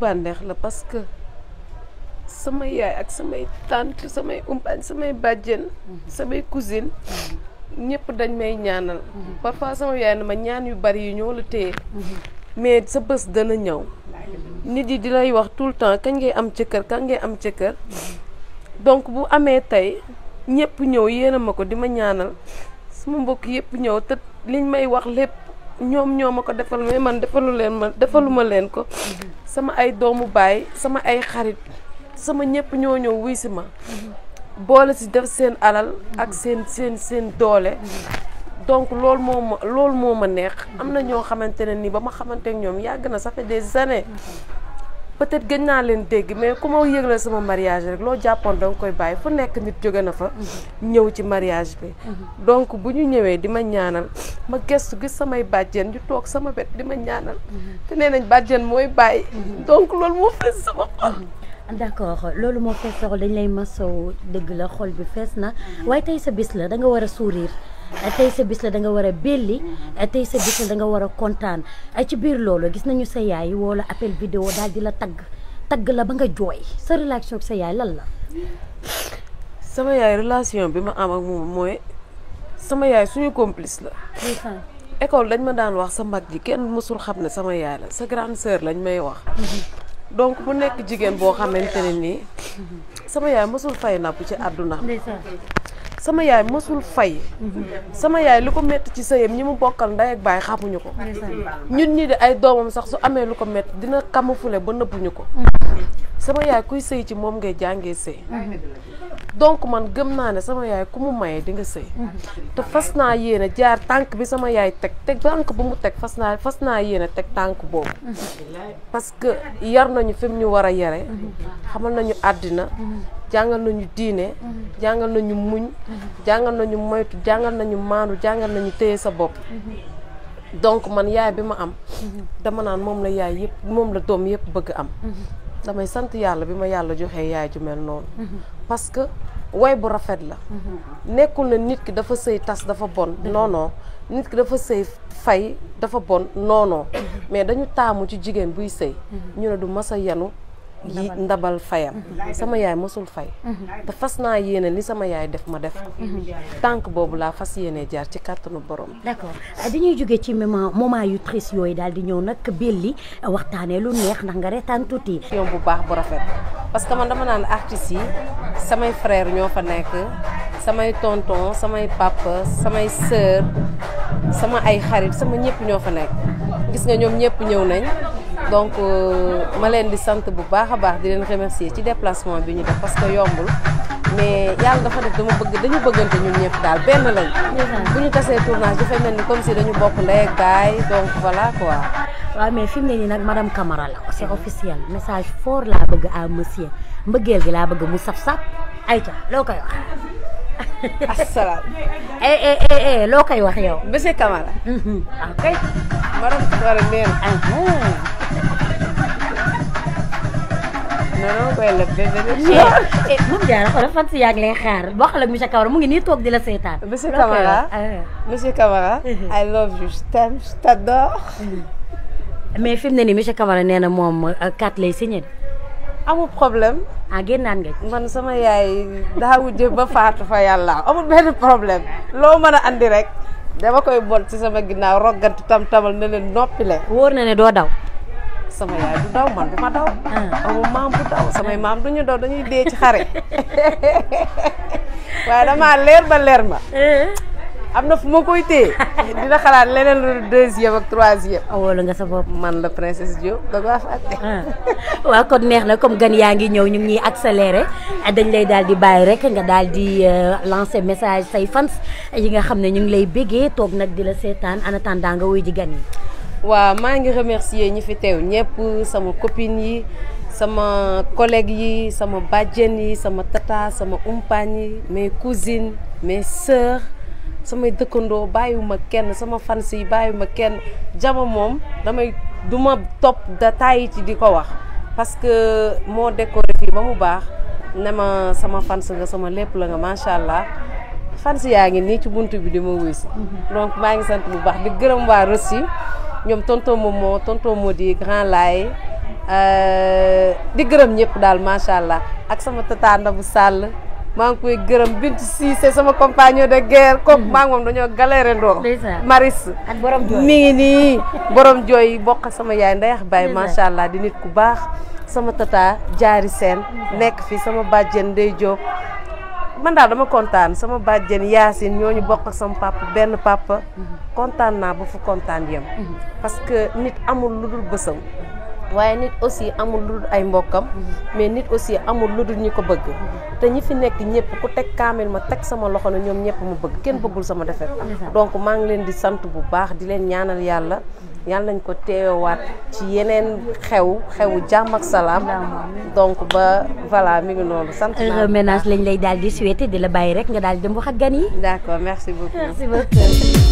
bànneex la parce que sama yaay ak samay tante samay umpaañ samay bàjjen mhm. samay cousine mhm. ñëpp dañ may ñaanal mhm. parfois sama yaay na ma ñaan yu bari yu ñoo la téye mais sa bés dana ñëw nit yi di wax tout le temps kañ ngay am ci kër kañ ngay am ci kër donc bu amee tey ñëpp ñëw yéena ma ko di ma ñaanal sama mbokk yëpp ñëw te liñ may wax lépp ñoom ñoo ma ko defal mais man defalu leen ma defalu leen ko sama ay doomu baay sama ay xarit sama ñëpp ñoo ñëw wuy si ma boole si def seen alal ak seen seen seen doole donc lool moo ma loolu moo ma neex am na ñoo xamante ne nii ba ma xamante ñoom yàgg na ça fait des années peut-être gën naa leen dégg mais ku ma yëgle sama mariage rek loo jàppoon da nga koy bàyyi fu nekk nit jóge na fa. ñëw ci mariage bi. donc bu ñu ñëwee di ma ñaanal ma gestu gis samay bàjjen ñu toog sama wet di ma ñaanal. te nee nañ bàjjen mooy bàyyi. donc loolu moo fees sama xol. loolu moo fees sa xol dañ lay masawu dëgg la xol bi fees na waaye tey sa bis la da war a sourire. Eh, tey sa bis la da war a belli eh, tey sa bis la da nga war a kontaan eh, ci biir loolu gis nañu sa yaay wala appel vidéo daal di la tagg tagg la ba nga jooy sa relation ak sa yaay lan la. sama yaay relation bi ma am ak moom mooy sama yaay suñu complice la. école dañ ma daan wax sa mag ji kenn mësul xam ne sama yaay la sa grande sœur lañ may wax. donc mu nekk jigéen boo xamante ne sama yaay mësul fay napp ci àdduna. sama yaay mosul fay sama yaay lu ko métti ci sa yam ñi mu bokkal ndey ak baay xamuñu ko ñun ñi di ay doomam sax su amee lu ko métti dina kamufule ba nëbbuñu ko mm-hmm. sama yaay kuy sëy ci moom ngay jàngee sëy donc man gëm naa ne sama yaay ku mu maye di nga sëy te fas naa yéene jaar tànk bi sama yaay teg teg tànk bu mu teg fas naa fas naa yéene teg tànk boobu parce que yar nañu fi ñu war a yare xamal nañu àddina jàngal nañu diine jàngal nañu muñ jàngal nañu moytu jàngal nañu maanu jàngal nañu téye sa bopp donc man yaay bi ma am dama naan moom la yaay yëpp moom la doom yëpp bëgg am damay sant yàlla bi ma yàlla joxe yaay ju mel noonu mhm. parce que way bu rafet la mhm. nekkul na nit ki dafa sëy tas dafa bon mhm. noonoo nit ki dafa sëy fay dafa bon non mais dañu taamu ci jigéen buy sëy ñu ne du masa yenu yi ndabal fayam sama yaay mosul fay mhm. te fas naa yéene li sama yaay def ma def ko mhm. mhm. tànk boobu laa fas yéene jaar ci kàttanu borom bi ah, dañuy jógee ci moment moment yu triste yooyu daal di ñëw nag belli waxtaanee lu neex ndax nga reetaan tuuti yoon bu baax bu rafet parce que man dama naan artistes yi samay frère ñoo fa nekk samay tonton samay papa samay sœur sama ay xarit sama ñëpp ñoo fa nekk gis nga ñoom ñëpp ñëw nañ donc euh, ma leen di sant bu baax a baax di leen remercier ci déplacement bi ñu def parce que yombul mais yàlla dafa def dama bëgg dañu bëggante ñun ñëpp daal benn lañ bu ñu tasee tournage dafay mel ni comme si dañu bokk ndey ak baay donc voilà waaw mais fi mu ne nii nag madame Camara la c'est officiel message fort laa bëgg à monsieur mbëggeel gi laa bëgg mu saf saf ayca loo koy wax. asalaam. Eh, eh, eh, loo koy wax yow. monsieur Camara. Mhm. ah Camara nee na. Ah, ah. non non koy leb bébé. Eh, moom jaara xoolal fan si yaa ngi lay xaar wax la monsieur Camara mu ngi nii toog di la seetaan. monsieur Camara ah. monsieur Camara. Uh-huh. I love you je t'aime je t'adore. Mm. mais fi mu ne nii monsieur Camara nee na moom carte euh, lay signé. amul problème. ah génnaan nga ci. man sama yaay daawu jë ba faatu fa yàlla amul benn problème loo mën a andi rek dama koy bon ci sama ginnaaw rogganti tam tamal ne leen noppi leen. wóor na ne doo daw. sama yaay du daw man du ma daw. Ah, ah. maam bu daw samay maam du ñu daw dañuy dee ci xare. waaye damaa leer ba leer ma. Eh? am na fu ma koy téye dina xalaat leneen lu deuxième ak troisième. awoolu nga sa bopp man la princesse ah. waaw kon neex na comme gan yaa ngi ñëw ñu ngi ñuy accéléré dañ lay daal di bàyyi rek nga daal di euh, lancer message say fans yi nga xam ne ñu ngi lay bégee toog nag di la seetaan en attendant nga wuy ji gan yi. waaw maa ngi remercier ñi fi teew ñëpp sama copine yi sama collègue yi sama bàjjen yi sama tata sama umpaañ yi mes cousines mes sœurs samay dëkkandoo bàyyiwuma kenn sama fans yi bàyyiwuma kenn jama moom damay du ma topp da tàyyi ci di ko wax parce que moo décoré fii ba mu baax ne ma sama fans nga sama lépp la nga macha allah fans yaa ngi nii ci bunt bi di ma wuy si mhm. donc maa ngi sant bu baax di gërëm waa Rossi ñoom tonton Momo tonton di grand laay euh, di gërëm ñëpp daal macha allah ak sama tataanda bu sàll maa ngi koy gërëm Bintu Cissé sama compagnon de guerre kooku mm-hmm. maa ngi moom dañoo galéré ndoo Maris mi ngi nii borom jooy bokk sama yaay ndeyax baay macha allah di nit ku baax sama tata jaari seen mm-hmm. nekk fii sama bàjjen day Diop man daal dama kontaan sama bàjjen Yacine ñoo ñu bokk ak sama papa benn papa mhm. kontaan naa ba fu kontaan yem. Mhm. parce que nit amul lu dul bësam. waaye nit aussi amul lu dul ay mbokkam mais nit aussi amul lu dul ñu ko bëgg te ñi fi nekk ñëpp ku teg kaamil ma teg sama loxo ne ñoom ñëpp mu bëgg kenn bëggul sama defet donc maa ngi leen di sant bu baax di leen ñaanal yàlla yàlla nañ ko teewaat ci yeneen xew xewu jàmm ak salaam donc ba voilà mi ngi noonu sant heureux ménage lañ lay daal di souhaiter di la bàyyi rek nga daal di dem wax ak gan yi d'accord merci beaucoup